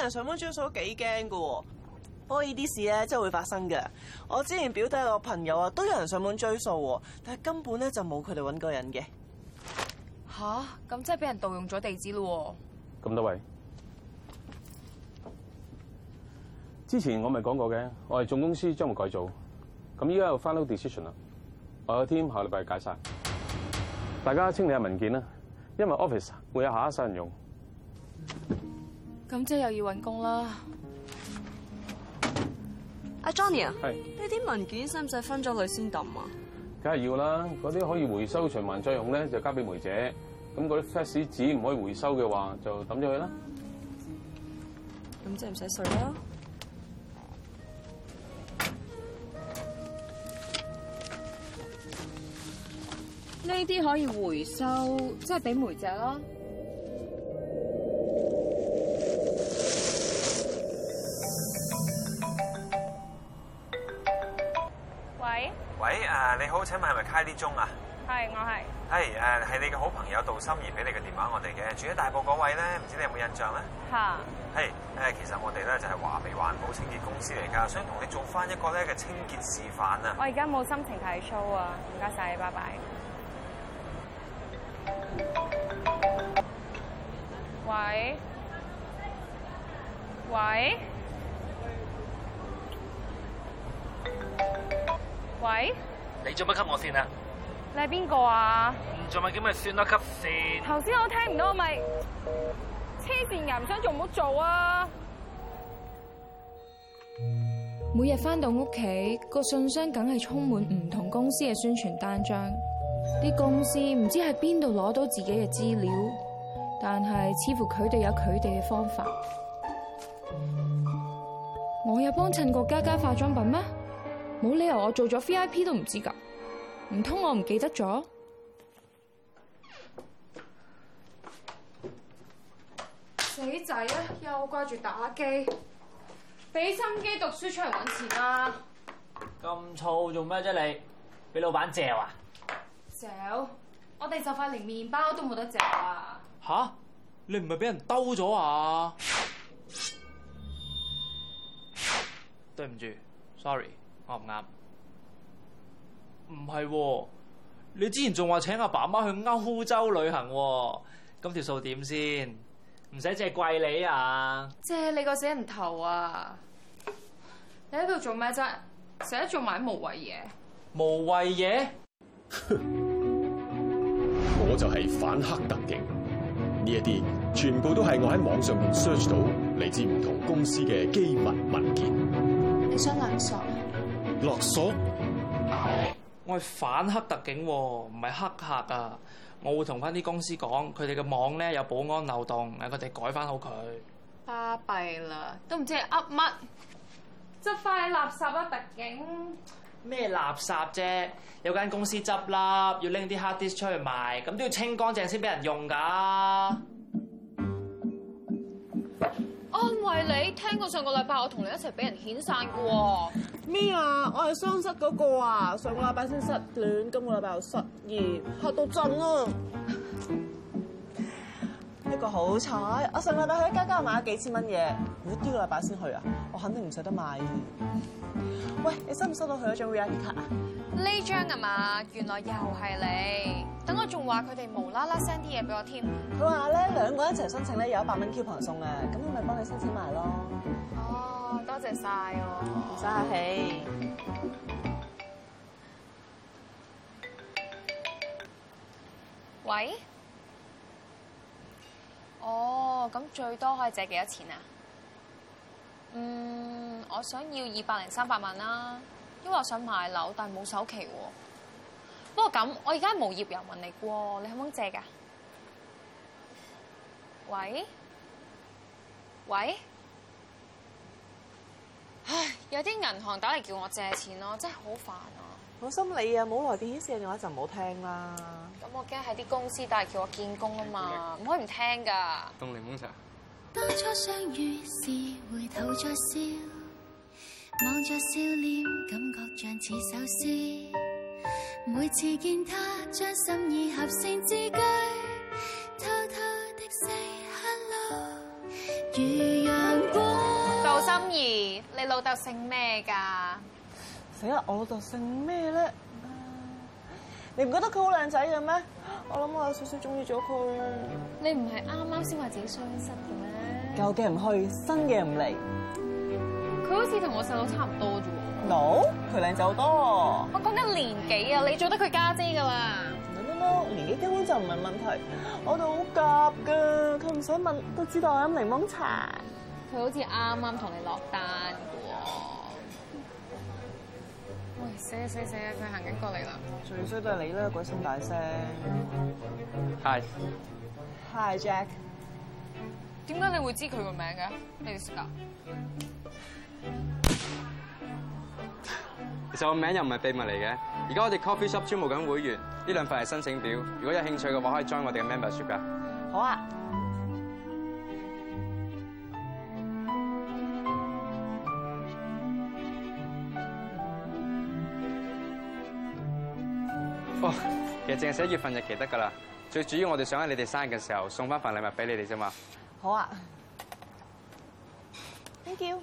有人上門追數都幾驚噶，不過呢啲事咧真係會發生嘅。我之前表弟個朋友啊，都有人上門追數，但係根本咧就冇佢哋搵過人嘅。吓,咁真係俾人盜用咗地址咯。咁多位，之前我咪講過嘅，我係總公司將會改組，咁依家有 final decision 啦。我有 team 下個禮拜解散，大家清理下文件啦，因為 office 會有下一世人用。嗯咁即係又要揾工啦，阿 Johnny，呢啲文件使唔使分咗佢先抌啊？梗係要啦，嗰啲可以回收循環再用咧，就交俾梅姐。咁嗰啲 fax 紙唔可以回收嘅話，就抌咗佢啦。咁即係唔使水啦？呢啲可以回收，即係俾梅姐咯。喂，誒你好，請問係咪 KYLIE 鍾啊？係，我係。係誒，係你嘅好朋友杜心怡俾你嘅電話我哋嘅，住喺大埔嗰位咧，唔知你有冇印象咧？吓。係誒，其實我哋咧就係華美環保清潔公司嚟噶，想同你做翻一個咧嘅清潔示範啊。我而家冇心情睇 show 啊，唔該晒，拜拜。喂？喂？喂，你做乜給我線啊？你係邊個啊？唔做咪叫咪算啦。給線。頭先我聽唔到咪黐線噶，唔想做唔好做啊！每日翻到屋企，個信箱梗係充滿唔同公司嘅宣傳單張，啲公司唔知喺邊度攞到自己嘅資料，但係似乎佢哋有佢哋嘅方法。我有幫襯過家家化妝品咩？冇理由我做咗 VIP 都唔知㗎，唔通我唔記得咗？死仔啊，又掛住打機，俾心機讀書出嚟搵錢啦，啊！咁燥做咩啫你？俾老闆嚼，嚼啊？嚼？我哋就快連麵包都冇得嚼啊！吓？ 你唔係俾人兜咗啊？對唔住，sorry。啱唔啱？唔係、啊，你之前仲話請阿爸媽去歐洲旅行，咁條數點先？唔使借貴你啊！借，啊借你個死人頭啊！你喺度做咩啫？成日做埋啲無謂嘢。無謂嘢？我就係反駭特警，呢一啲全部都係我喺網上面 search 到，嚟自唔同公司嘅機密文件。你想難索？落鎖，我係反黑特警喎，唔係黑客啊！我會同翻啲公司講，佢哋嘅網咧有保安漏洞，嗌佢哋改翻好佢。巴閉啦，都唔知係噏乜，執翻啲垃圾啊！特警咩垃圾啫？有間公司執笠，要拎啲 hard disk 出去賣，咁都要清乾淨先俾人用㗎。嗯安慰、哦、你，聽過上個禮拜我同你一齊俾人遣散嘅喎、哦。咩啊？我係雙失嗰個啊！上個禮拜先失戀，今個禮拜又失業，嚇到震囉！ 一個好彩，我上個禮拜喺家家買咗幾千蚊嘢，冇、這、呢個禮拜先去啊！我肯定唔捨得買。喂，你收唔收到佢嗰張 VIP 卡啊？呢張啊嘛，原來又係你。等我仲話佢哋無啦啦 send 啲嘢俾我添。佢話咧兩個一齊申請咧有一百蚊 coupon 送嘅，咁我咪幫你申請埋咯。哦，多謝晒哦，唔使客氣。喂？哦，咁最多可以借幾多錢啊？嗯，我想要二百零三百萬啦，因為我想買樓，但係冇首期喎，啊。不過咁，我而家無業遊民嚟喎，你可唔可以借噶？喂？喂？唉，有啲銀行打嚟叫我借錢咯，真係好煩啊！好心你啊，冇來電顯示嘅話就唔好聽啦。咁我驚喺啲公司打嚟叫我見工啊嘛，唔可以唔聽㗎。凍檸檬茶。當初相遇時，回頭再笑，望着笑臉，感覺像似首詩，每次見他將心意合成字句，偷偷的 say hello 如陽光趙心儀，你老豆姓咩㗎？死啦！我老豆姓咩呢？Uh, 你唔覺得佢好靚仔嘅咩？我諗我有少少鍾意咗佢。你唔係啱啱先話自己傷心嘅咩？舊嘅唔去，新嘅唔嚟。佢好似同我細佬差唔多啫喎。No，佢靚仔多。我講緊年紀啊，的你做得佢家姐噶啦。唔唔唔，年紀根本就唔係問題。我度好夾噶，佢唔想問都知道我飲檸檬茶。佢好似啱啱同你落單噶喎。喂，死呀死呀死呀，佢行緊過嚟啦。最衰都係你啦，鬼咁大聲。Hi, Hi Jack。Hi，Jack。點解你會知佢個名嘅？咩事？其實個名又唔係秘密嚟嘅。而家我哋 coffee shop 招募緊會員，呢兩份係申請表。如果有興趣嘅話，可以 join 我哋嘅 membership 㗎。好啊。哦，其實淨係寫一月份就期得㗎啦。最主要我哋想喺你哋生日嘅時候送翻份禮物俾你哋啫嘛。好啊，Thank you。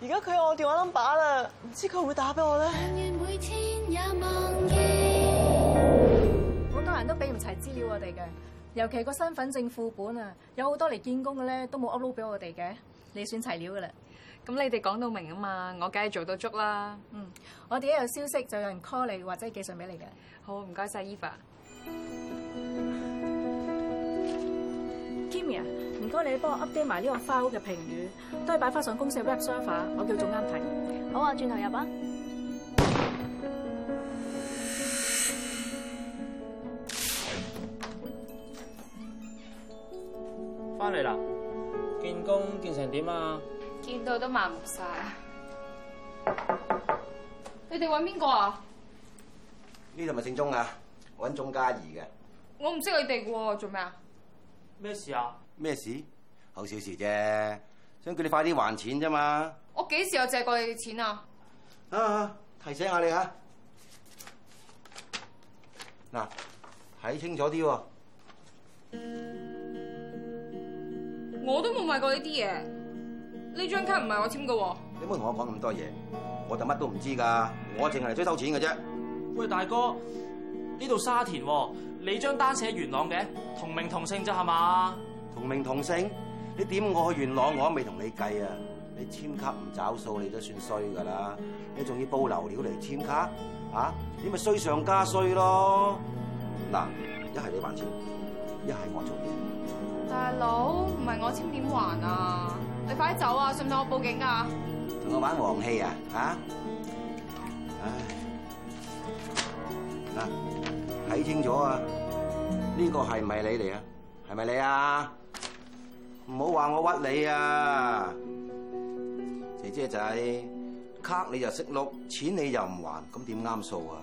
而家佢有我電話 number 啦，唔知佢會打俾我咧。好多人都俾唔齊資料我哋嘅，尤其個身份證副本啊，有好多嚟見工嘅咧都冇 upload 俾我哋嘅。你選齊料噶啦，咁你哋講到明啊嘛，我梗係做到足啦。嗯，我哋一有消息就有人 call 你或者係寄信俾你嘅。好，唔該晒 Eva。Kimi，唔該你幫我 update 埋呢個 file 嘅評語，都係擺翻上公司嘅 web server。我叫總監睇。好啊，轉頭入啊。翻嚟啦，見工見成點啊？見到都麻木晒。你哋搵邊個啊？呢度咪正宗啊，搵鍾嘉怡嘅。我唔識佢哋喎，做咩啊？咩事啊？咩事？好小事啫，想叫你快啲還錢啫嘛。我幾時有借過你嘅錢啊？啊，提醒下你啊，嗱，睇清楚啲喎。我都冇買過呢啲嘢，呢張卡唔係我簽㗎喎。你唔好同我講咁多嘢，我就乜都唔知㗎。我淨係嚟追收錢㗎啫。喂，大哥。呢度沙田喎、啊，你張單寫元朗嘅，同名同姓就係嘛？同名同姓，你點我去元朗，我都未同你計啊！你簽卡唔找數，你都算衰噶啦！你仲要報流料嚟簽卡，吓、啊，你咪衰上加衰咯！嗱、啊，一係你還錢，一係我做嘢。大佬，唔係我簽點還啊？你快走啊！信唔信我報警啊？同我玩黃氣啊？吓、啊？唉、啊，嗱、啊。睇清楚啊！呢個係咪你嚟啊？係咪你啊？唔好話我屈你啊，姐姐仔，卡你就識碌，錢你又唔還，咁點啱數啊？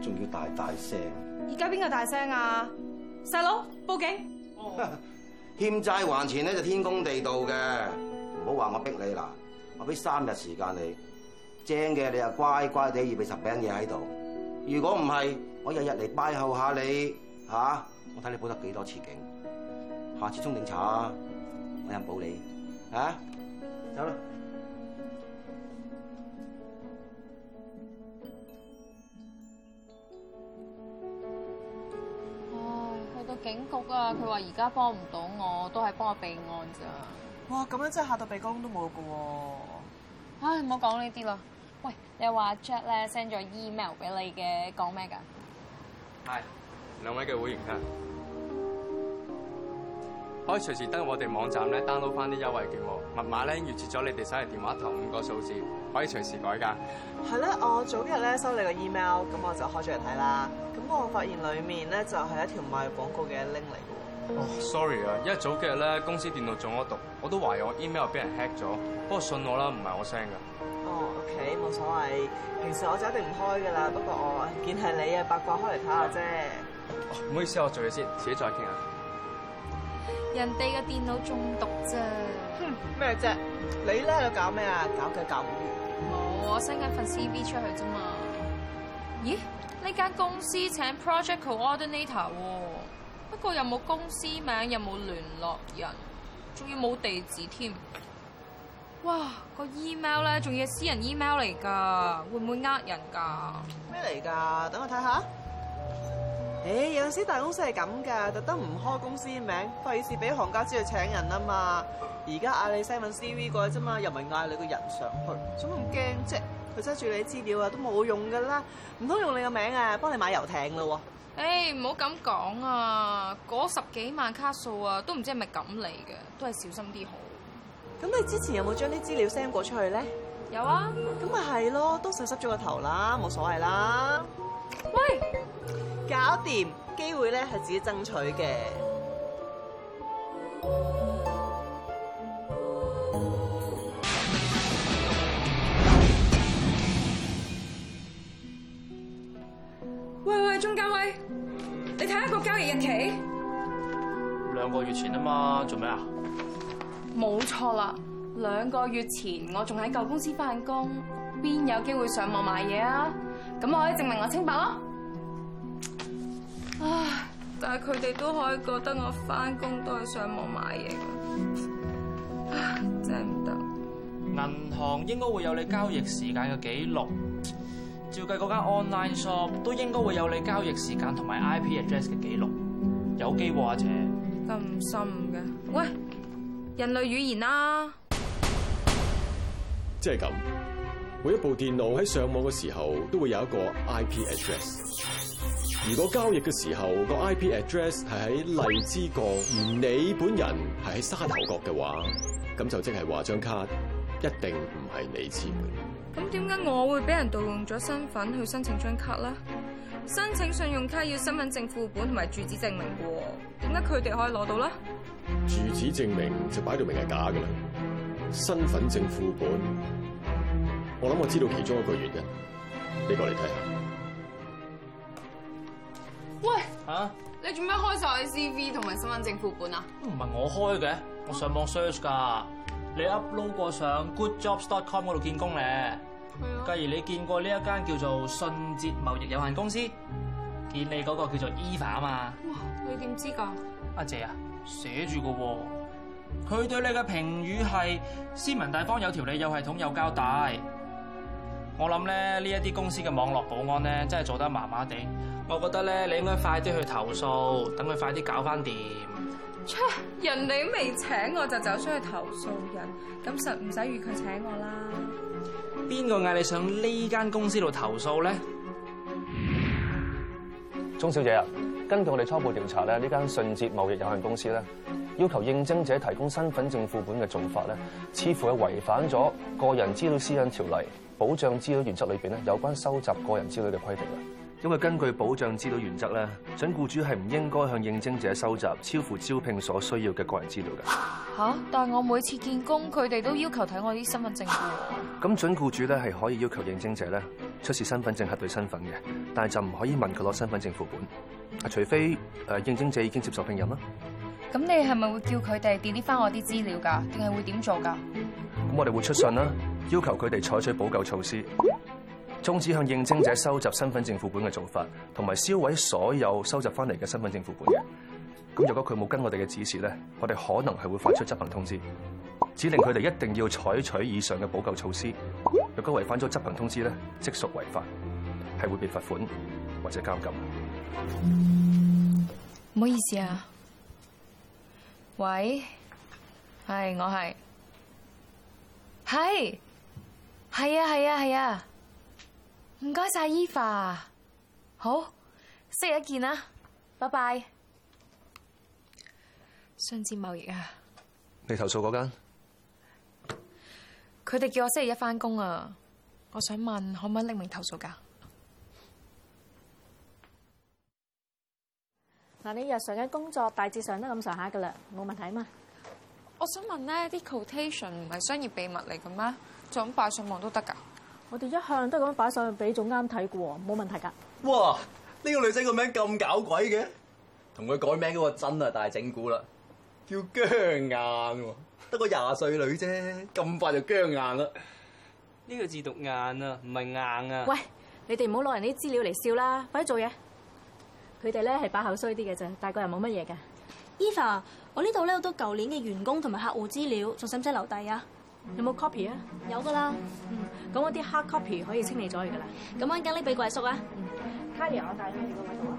仲要大大聲？而家邊個大聲啊？細佬，報警！欠債還錢咧，就天公地道嘅，唔好話我逼你啦。我俾三日時間你，精嘅你就乖乖地，要俾十餅嘢喺度。如果唔係，我日日嚟拜候下你吓、啊？我睇你報得幾多次警，下次衝頂查，我有人保你啊走啦！唉，去到警局啊，佢話而家幫唔到我，都係幫我備案咋。哇，咁樣真係嚇到鼻哥窿都冇噶喎！唉，唔好講呢啲啦。喂，你話 Jack 咧 send 咗 email 俾你嘅，講咩噶？係，兩位嘅會員啊，可以隨時登入我哋網站咧，download 翻啲優惠券喎。密碼咧預設咗，你哋手提電話頭五個數字，可以隨時改噶。係啦，我早幾日咧收你個 email，咁我就開咗嚟睇啦。咁我發現裏面咧就係一條賣廣告嘅 link 嚟嘅。哦、oh,，sorry 啊，因為早幾日咧公司電腦中咗毒，我都懷疑我 email 俾人 hack 咗，不過信我啦，唔係我 send 噶。O K，冇所謂。平時我就一定唔開噶啦，不過我見係你啊八卦開嚟睇下啫。哦，唔好意思，我做嘢先，自己再傾啊。人哋嘅電腦中毒啫。哼，咩啫？你咧度搞咩啊？搞嘅搞唔完。冇、哦，我 send 緊份 C V 出去啫嘛。咦？呢間公司請 Project Coordinator 喎、啊，不過又冇公司名，又冇聯絡人，仲要冇地址添。哇，個 email 咧，仲要私人 email 嚟㗎，會唔會呃人㗎？咩嚟㗎？等我睇下。誒，有陣時大公司係咁㗎，特登唔開公司嘅名，費事俾行家知道請人啊嘛。而家嗌你 send 份 CV 過去啫嘛，又唔係嗌你個人上去，做咩咁驚啫？佢揸住你資料啊，都冇用㗎啦，唔通用你個名啊，幫你買遊艇嘞喎？誒，唔好咁講啊，嗰十幾萬卡數啊，都唔知係咪咁嚟嘅，都係小心啲好。咁你之前有冇將啲資料 send 過出去咧？有啊。咁咪係咯，都洗濕咗個頭啦，冇所謂啦。喂，搞掂，機會咧係自己爭取嘅。喂喂，鍾嘉威，嗯，你睇下個交易日期。兩個月前啊嘛，做咩啊？冇錯啦，兩個月前我仲喺舊公司翻工，邊有機會上網買嘢啊？咁我可以證明我清白咯。唉，但係佢哋都可以覺得我翻工都係上網買嘢嘅。唉，真唔得。銀行應該會有你交易時間嘅記錄，照計嗰間 online shop 都應該會有你交易時間同埋 IP address 嘅記錄，有機會喎。啊，阿姐。咁深嘅，喂！人類語言啦、啊，即係咁，每一部電腦喺上網嘅時候都會有一個 IP address。如果交易嘅時候，個 IP address 係喺荔枝角，而你本人係喺沙頭角嘅話，咁就即係話張卡一定唔係你簽。咁點解我會俾人盜用咗身份去申請張卡啦？申請信用卡要身份證副本同埋住址證明噶點解佢哋可以攞到咧？住址證明就擺到明係假噶啦，身份證副本，我諗我知道其中一個原因，你過嚟睇下。喂，吓、啊，你做咩開晒 i CV 同埋身份證副本啊？唔係我開嘅，我上網 search 噶你 upload 過上 GoodJobs.com 嗰度見工咧。假如，啊，你見過呢一間叫做信捷貿易有限公司，見你嗰個叫做 Eva 啊嘛。哇！你點知噶？阿姐啊，寫住喎。佢對你嘅評語係斯文大方、有條理、有系統、有交代。我諗咧，呢一啲公司嘅網絡保安咧，真係做得麻麻地，我覺得咧，你應該快啲去投訴，等佢快啲搞翻掂。人哋未請我就走出去投訴人，咁實唔使預佢請我啦。邊個嗌你上呢間公司度投訴咧？鍾小姐啊，根據我哋初步調查咧，呢間信捷貿易有限公司咧，要求應徵者提供身份證副本嘅做法咧，似乎係違反咗《個人資料私隱條例》保障資料原則裏邊咧有關收集個人資料嘅規定啊！因為根據保障資料原則咧，準僱主係唔應該向應徵者收集超乎招聘所需要嘅個人資料嘅。吓，但係我每次見工，佢哋都要求睇我啲身份證簿。咁準僱主咧係可以要求應徵者咧出示身份證核對身份嘅，但係就唔可以問佢攞身份證副本。啊，除非誒應徵者已經接受聘任啦。咁你係咪會叫佢哋 delete 翻我啲資料噶？定係會點做噶？咁我哋會出信啦，要求佢哋採取補救措施。終止向應徵者收集身份證副本嘅做法，同埋銷毀所有收集翻嚟嘅身份證副本。咁若果佢冇跟我哋嘅指示咧，我哋可能係會發出執行通知，指令佢哋一定要採取以上嘅補救措施。若果違反咗執行通知咧，即屬違法，係會被罰款或者監禁。唔好意思啊，喂，係我係，係，係啊，係啊，係啊。唔該晒，Eva 好，星期一見啦，拜拜 bye。雙子貿易啊，你投訴嗰間，佢哋叫我星期一翻工啊，我想問可唔可以匿名投訴噶？嗱，你日常嘅工作大致上都咁上下噶啦，冇問題吖嘛？我想問咧，啲 quotation 唔係商業秘密嚟嘅咩？就咁擺上網都得噶？我哋一向都係咁擺上去，俾總監啱睇過冇問題噶。哇！呢、這個女仔個名咁搞鬼嘅，同佢改名嗰個真啊，大整蠱啦，叫僵硬喎，得個廿歲女啫，咁快就僵硬啦。呢 個字讀硬啊，唔係硬啊。喂，你哋唔好攞人啲資料嚟笑啦，快啲做嘢。佢哋咧係把口衰啲嘅啫，大係個人冇乜嘢嘅。Eva，我呢度咧好多舊年嘅員工同埋客戶資料，仲使唔使留低啊？有冇 copy 啊？有噶啦，嗯，咁嗰啲黑 copy 可以清理咗嚟噶啦。咁安吉呢？俾鬼叔啊，卡卡嗯卡 a 我帶咗你嗰度啊。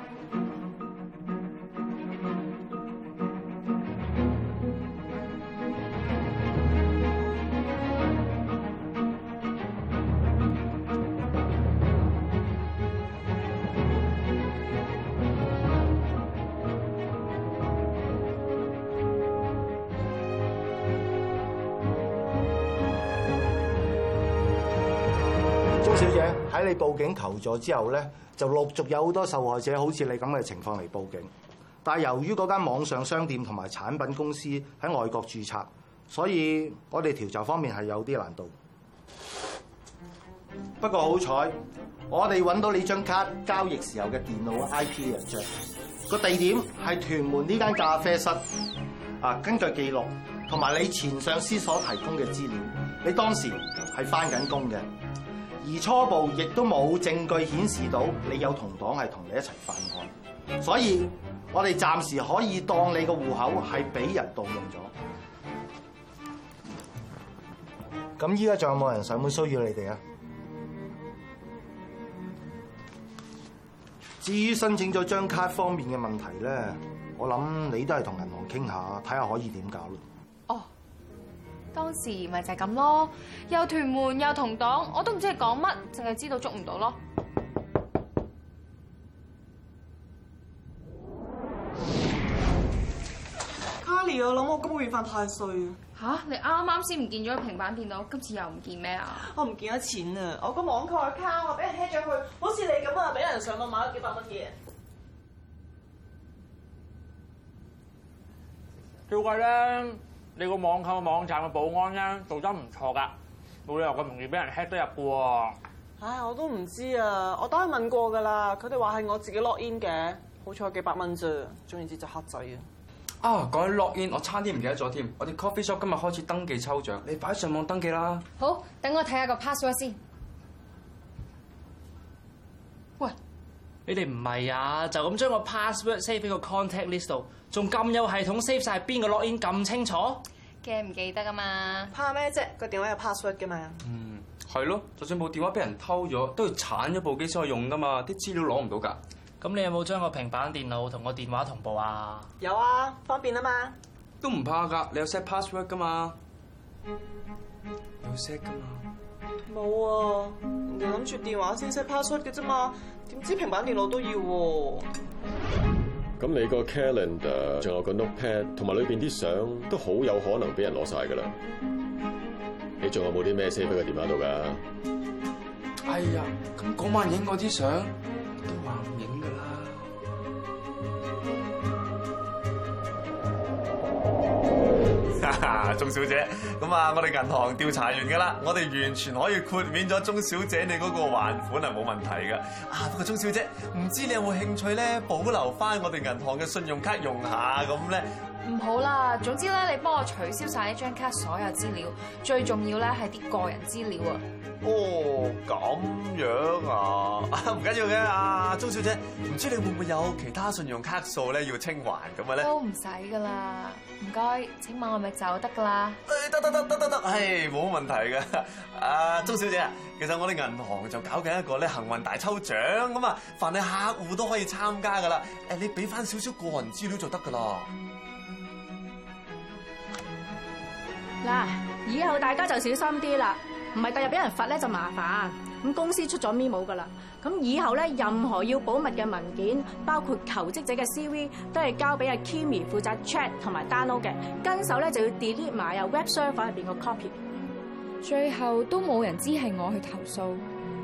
小姐，喺你報警求助之後咧，就陸續有好多受害者好似你咁嘅情況嚟報警。但係由於嗰間網上商店同埋產品公司喺外國註冊，所以我哋調查方面係有啲難度。不過好彩，我哋揾到你張卡交易時候嘅電腦 IP 地址，個地點係屯門呢間咖啡室。啊，根據記錄同埋你前上司所提供嘅資料，你當時係翻緊工嘅。而初步亦都冇證據顯示到你有同黨係同你一齊犯案，所以我哋暫時可以當你個戶口係俾人盜用咗。咁依家仲有冇人上門騷擾你哋啊？至於申請咗張卡方面嘅問題呢，我諗你都係同銀行傾下，睇下可以點搞咯。當時咪就係咁咯，又屯門又同黨，我都唔知係講乜，淨係知道捉唔到咯。KYLIE，我諗我今個月犯太歲，啊！你啱啱先唔見咗平板電腦，今次又唔見咩啊？我唔見咗錢啊！我個網購卡我俾人 hack 咗佢，好似你咁啊，俾人上網買咗幾百蚊嘢。叫佢啦！你個網購網站嘅保安咧，做得唔錯㗎，冇理由咁容易俾人 hack 得入嘅喎。唉，我都唔知啊，我都係問過㗎啦，佢哋話係我自己 log in 嘅，好彩幾百蚊啫，總言之就黑仔啊、哦。啊，講起 log in，我差啲唔記得咗添。我哋 coffee shop 今日開始登記抽獎，你擺上網登記啦。好，等我睇下個 password 先。你哋唔係啊，就咁將個 password save 喺個 contact list 度，仲咁有系統 save 晒邊個 log in 咁清楚驚唔記,記得噶嘛？怕咩啫？個電話有 password 噶嘛？嗯，係咯。就算部電話俾人偷咗，都要鏟咗部機先可以用噶嘛？啲資料攞唔到噶。咁你有冇將個平板電腦同個電話同步啊？有啊，方便啊嘛。都唔怕噶，你有 set password 噶嘛？有 set 噶嘛？冇啊，我諗住電話先 set password 嘅啫嘛。點知平板電腦都要喎。啊？咁你個 calendar，仲有個 note pad，同埋裏邊啲相都好有可能俾人攞晒噶啦。你仲有冇啲咩 save 喺個電話度噶？哎呀，咁嗰晚影嗰啲相。 鍾小姐，咁啊，我哋銀行調查完噶啦，我哋完全可以豁免咗鍾小姐你嗰個還款係冇問題嘅。啊，不過鍾小姐，唔知你有冇興趣咧，保留翻我哋銀行嘅信用卡用下咁咧？唔好啦，總之咧，你幫我取消晒呢張卡所有資料，最重要咧係啲個人資料啊。哦，咁樣啊，唔緊要嘅啊，鍾小姐，唔知你會唔會有其他信用卡數咧要清還咁嘅咧？呢都唔使噶啦，唔該，請問我咪就得噶啦誒，得得得得得得，係冇問題嘅。啊，鍾小姐啊，嗯、其實我哋銀行就搞緊一個咧幸運大抽獎咁啊，凡係客戶都可以參加噶啦。誒，你俾翻少少個人資料就得噶啦。嗱，以後大家就小心啲啦，唔係第日俾人罰咧就麻煩。咁公司出咗 memo 噶啦，咁以後咧任何要保密嘅文件，包括求職者嘅 CV，都係交俾阿 Kimi 負責 check 同埋 download 嘅，跟手咧就要 delete 埋啊 web server 入邊個 copy。最後都冇人知係我去投訴，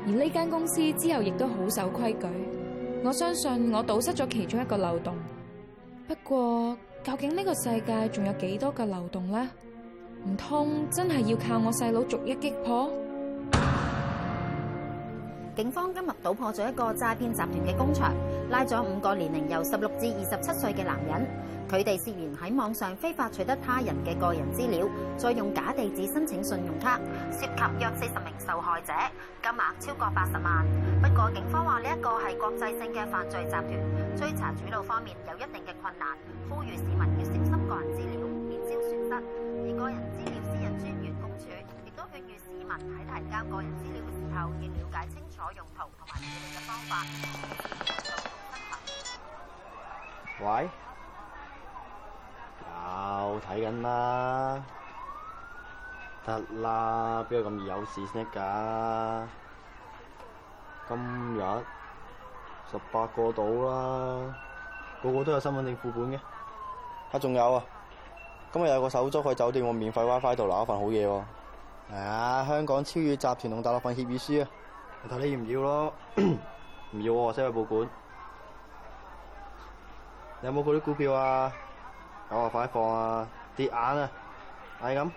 而呢間公司之後亦都好守規矩。我相信我堵塞咗其中一個漏洞，不過究竟呢個世界仲有幾多個漏洞咧？唔通真係要靠我細佬逐一擊破？警方今日搗破咗一個詐騙集團嘅工場，拉咗五個年齡由十六至二十七歲嘅男人，佢哋涉嫌喺網上非法取得他人嘅個人資料，再用假地址申請信用卡，涉及約四十名受害者，金額超過八十萬。不過警方話呢一個係國際性嘅犯罪集團，追查主腦方面有一定嘅困難，呼籲市民要小心個人資料，免招損失，而個人。喺提交個人資料嘅時候，要了解清楚用途同埋處理嘅方法。喂，看有睇緊啦，得啦，邊個咁易有事先得噶？今日十八個到啦，個個都有身份證副本嘅。啊，仲有啊，今日有個手足去酒店我免費 WiFi 度攞一份好嘢喎，啊。係啊，香港超越集團同大陸份協議書啊，我睇你要唔要咯？唔要、啊，我寫去保管。你有冇嗰啲股票啊？有啊，快放,放啊，跌眼啊，係咁。